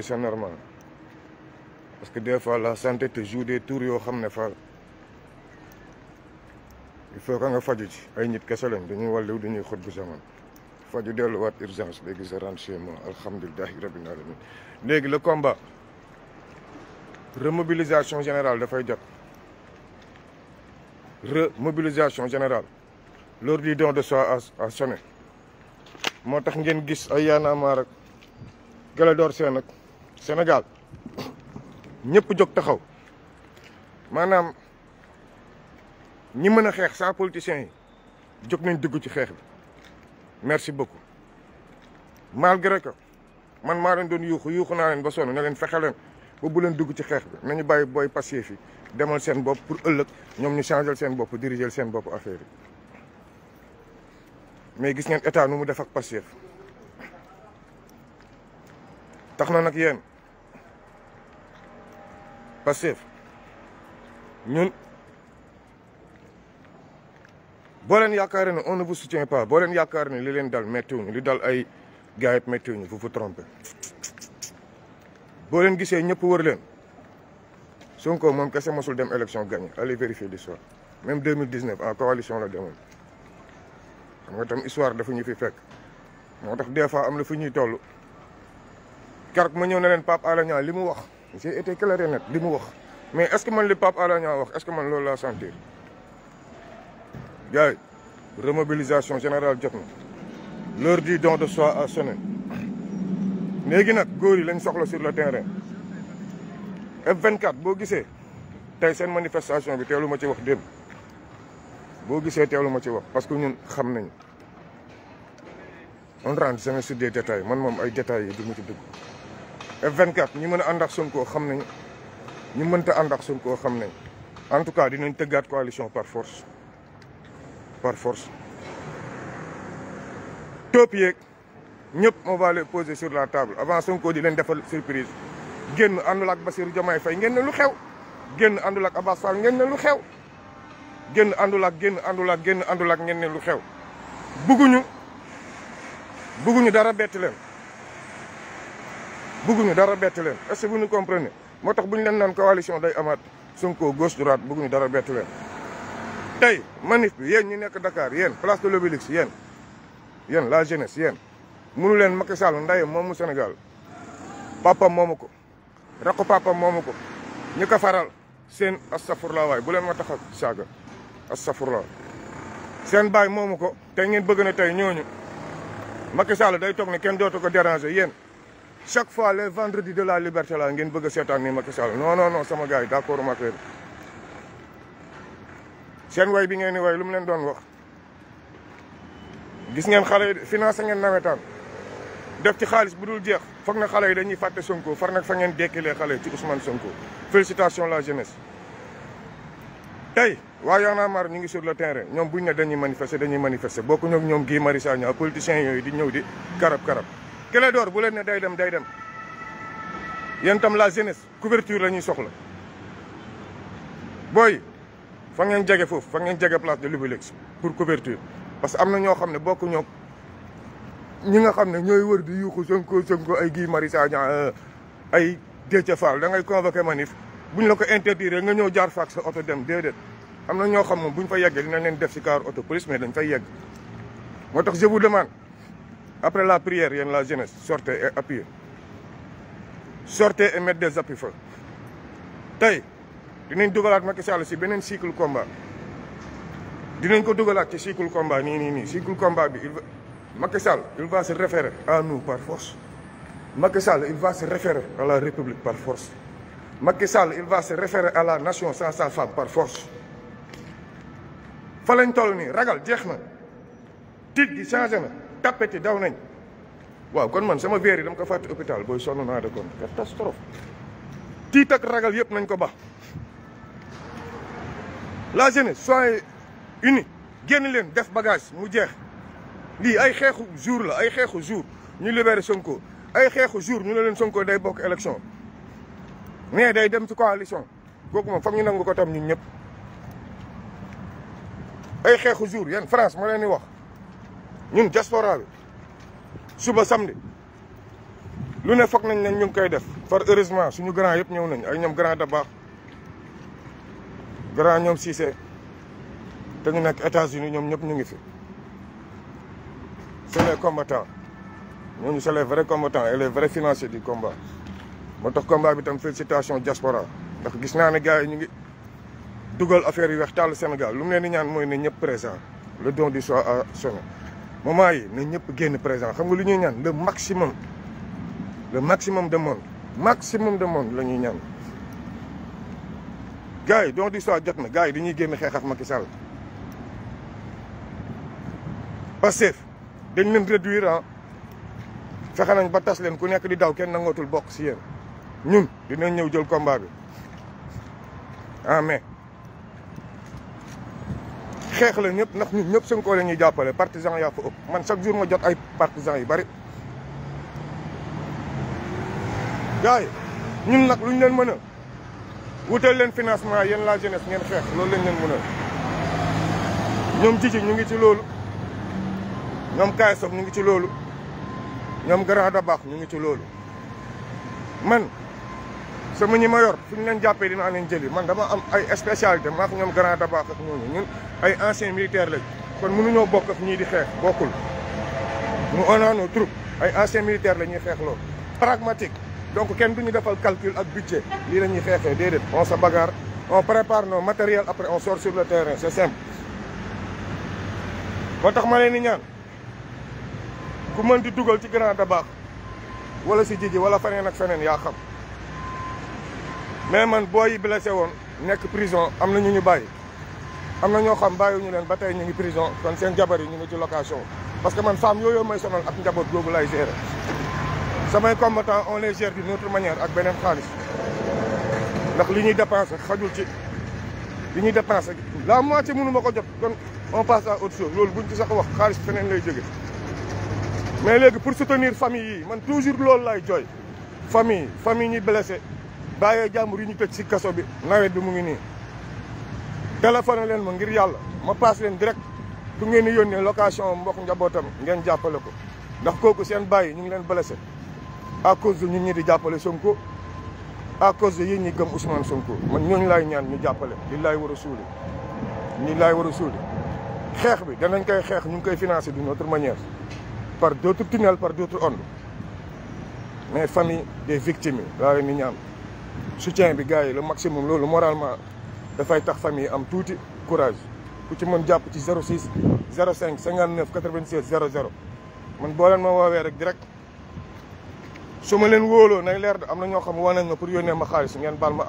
c'est normal parce que des fois la santé te joue des tours yoo xam ne faal il faut que nga faju ji ay nit kese lañ dañuy wàllu dañuy xot bu zaman faju delluwaat urgence léegi sa rentre chez moi alhamdulilahi rabbil alamin léegi la combat remobilisation général dafay jot remobilisation général l'heure du don de soi a sonné moo tax ngeen gis ay yaanaamaar ak gala door see Sénégal ñëpp jóg taxaw maanaam ñi mën a xeex sans politiciens yi jóg nañ dugg ci xeex bi merci beaucoup malgré que man maa leen doon yuuxu yuuxu naa leen ba sonn ne leen fexe leen ba bu leen dugg ci xeex bi nañu bàyyi booy passé fi demal seen bopp pour ëllëg ñoom ñu changel seen bopp dirigel seen bopp affaire yi mais gis ngeen état nu mu defak ak tax na nag yéen passif. ñun boo leen ne on ne vous soutient pas boo leen yaakaaree ne li leen dal méttiwuñu li dal ay gars vous vous trompez boo leen gisee ñëpp wër leen Sonko moom c'est mosul dem élection gagné allez vérifier l'histoire même 2019 en coalition la demoon xam nga tam histoire dafa ñu fi fekk moo tax des fois am na fu ñuy Car keroog ma ñëw ne leen Pape Alé Niang li mu wax. j'ai été clair et li mu wax mais est-ce que man li Pape Alé Niang wax est-ce que man loolu laa sentir gars remobilisation générale jot na l'heure du don de soi a sonné léegi nag góor yi lañ soxla sur le terrain vingt 24 boo gisee tey seen manifestation bi teelu ma ci wax démb boo gisee teelu ma ci wax parce que ñun xam nañu on rentre jamais sur des détails man moom ay détails yi du ma ci dugg vingt 24 ñi mën a ànd ak Sonko xam nañ ñu mënta ànd ak Sonko xam nañ en tout cas dinañ tëggaat coalition par force par force. topp yeeg ñëpp on va sur la table avant Sonko di leen defal surprise génn àndul ak Bassirou Diomaye Faye ngeen ne lu xew génn àndul ak Abass ngeen ne lu xew. génn àndul ak génn àndul ak génn àndul ak ngeen ne lu xew bugguñu bugguñu dara bett leen. bëgguñu dara bett leen est-ce que vous nous comprenez moo tax leen naan coalition day amaat Sonko gauche droite bëgguñu dara bett leen tay manif bi yeen ñi nekk Dakar yeen place de l'obélix yeen yeen la jeunesse yeen mënu leen Macky Sall nday momu Sénégal papa momuko ko papa momuko ko faral sen astaghfirullah way bu leen ma taxal saga astaghfirullah seen baay moomu ko ngeen bëgg na tay ñooñu Macky Sall day tok ni kenn dootu ko déranger yeen chaque fois le vendredi de la liberté là ngeen bëgg a ni Macky Sall non non non sama gars d'accord ma kër sen way bi ngeen ni way lu mu leen doon wax gis ngeen xalé yi ngeen nawetaan def ci xaalis bu dul jeex fakk na xalé dañuy faté Sonko far nak fa ngeen dekkilee xale ci Ousmane Sonko félicitations la jeunesse tay waa Y'en mar ñu ngi sur le terrain ñom buñ ne dañuy manifester dañuy manifester bokku ñok ñom gi Marissa Sagna politiciens yoy di ñew di karab karab Clé d'or bu leen ne day dem day dem yéen tam la jeunesse couverture la ñuy soxla booy fa ngeen jege foofu fa ngeen jege place de l'Obélisque pour couverture parce que am na ñoo xam ne bokk ñoo ñi nga xam ne ñooy wër di yuuxu Sonko Sonko ay Guy Marius Sagna euh, ay Déthié Fall da ngay convoqué bu ñu la ko interdire nga ñëw jaar faak sa oto dem déedéet am na ñoo xam moom buñ fa yeggee dinañ leen def si car auto police mais dañ fay yegg moo tax je vous Après la prière, il y a la jeunesse. Sortez et appuyez. Sortez et mettez des appuis feu. tey dinañ que Macky Sall si beneen cycle combat Nous ko faire ci cycle combat Ni, Ni ni cycle combat il va Macky Sall il va se référer à nous par force Macky Sall il va se référer à la République par force Macky Sall il va se référer à la nation sans sa femme par force fa lañ toll nous ragal jeex na tiit tappeti daw nañ waaw kon man sama verre yi dama ko fàtte hôpital booy sonn naa de kon catastrophe tiit ak ragal yëpp nañ ko baax la jeunesse soyez uni génn leen def bagage mu jeex lii ay xeexu jour la ay xeexu jour ñu libéré Sonko ay xeexu jour ñu ne leen Sonko day bokk élection mais day dem si ko coalition kooku moom foog ñu nangu ko tam ñu ñëpp ay xeexu jour yan France moo leen di wax ñun diaspora bi suba samedi lu ne foog nañ ne ñu ngi koy def far heureusement suñu grand yëpp ñëw nañ ay ñoom grand Dabakh grand ñoom Cissé te ñu nekk États-Unis ñoom ñëpp ñu ngi fi c'est les combattants ñooñu c'est les vrais combattants et les vrais financiers du moo tax combat bi tam félicitation diaspora ndax gis naa ne gars yi ñu ngi dugal affaire yi weex tàll Sénégal lu mu leen di ñaan mooy nañ ñëpp présent le don du soir a sonné moment yi na ñëpp génn présent xam nga lu ñuy ñaan le maximum le maximum de monde maximum de monde la ñuy ñaan gaay donc di so jot na gaay yi dañuy genn xex ak Macky Sall Pastef dañ leen réduire ah fexé nañ ba tass leen ku nekk di daw kenn nangootul bok ci yeen ñun dinañ ñew jël combat bi amen xeex la ñëpp ndax ñun ñëpp Sonko la ñuy jàppale partisan yaa fa ëpp man chaque jour ma jot ay partisan yi bari gars ñun nag lu ñu leen mën a wutal leen financement yéen la jeunesse ngeen xeex loolu lañ leen mën a ñoom jiji ñu ngi ci loolu ñoom kaayi ñu ngi ci loolu ñoom grand da baax ñu ngi ci loolu man sama ñi ma yor fu ñu leen jàppee dinaa leen jëli man dama am ay spécialité ma ko ñom grand tabax ak ñooñu ñun ay ancien militaire la kon mënu ñoo bokk ak ñi di xex bokul mu on a nos ay ancien militaire la ñi xex lo pragmatique donc kenn duñu defal calcul ak budget li la ñi xexé déedéet on sa bagarre on prépare nos matériel après on sort sur le terrain c'est simple ba tax ma leen ni ñaan ku mën di duggal ci grand tabax wala si jiji wala feneen ak feneen ya xam mais man booy blessé won nek prison amna ñu ñu bàyyi amna ño xam bayu ñu len batay ñu ngi prison kon sen jabar yi ñu ngi ci location parce que man femme yooyu may sonal ak jabar googu lay gérer samay combattants on les gère d'une autre manière ak benen xaliss ndax li ñuy dépenser xajul ci li ñuy dépenser la moitié mënu mako jot kon on passe à autre chose lool buñ ci sax wax xaliss fenen lay jóge mais légui pour soutenir famille yi man toujours lool lay joy famille famille ñi blessé baye jamur yi ñu tecc ci kasso bi nawet bi mu ngi ni téléphone leen ma ngir yalla ma paas leen direct ku ngeen ni yónnee location mbokk njabotam ngeen jàppale ko ndax koku seen baye ñu ngi leen blessé à cause ñun ñi di jàppale Sonko à cause yi ñi gëm Ousmane Sonko man ñooñu lay ñaan ñu jàppale li wa war ñi laay war a suuli xeex koy xex ñu koy financer d'une autre manière par d'autres tunnels par d'autres ondes mais famille des victimes la soutien bi gars yi le maximum loolu moralement dafay tax famille am tuuti courage ku ci mën jàpp ci 06 05 59 96 00 man boo leen ma woowee rek direct su ma leen wóoloo nay leer de am na ñoo xam woo nañ ma pour yónnee ma xaalis ngeen baal ma.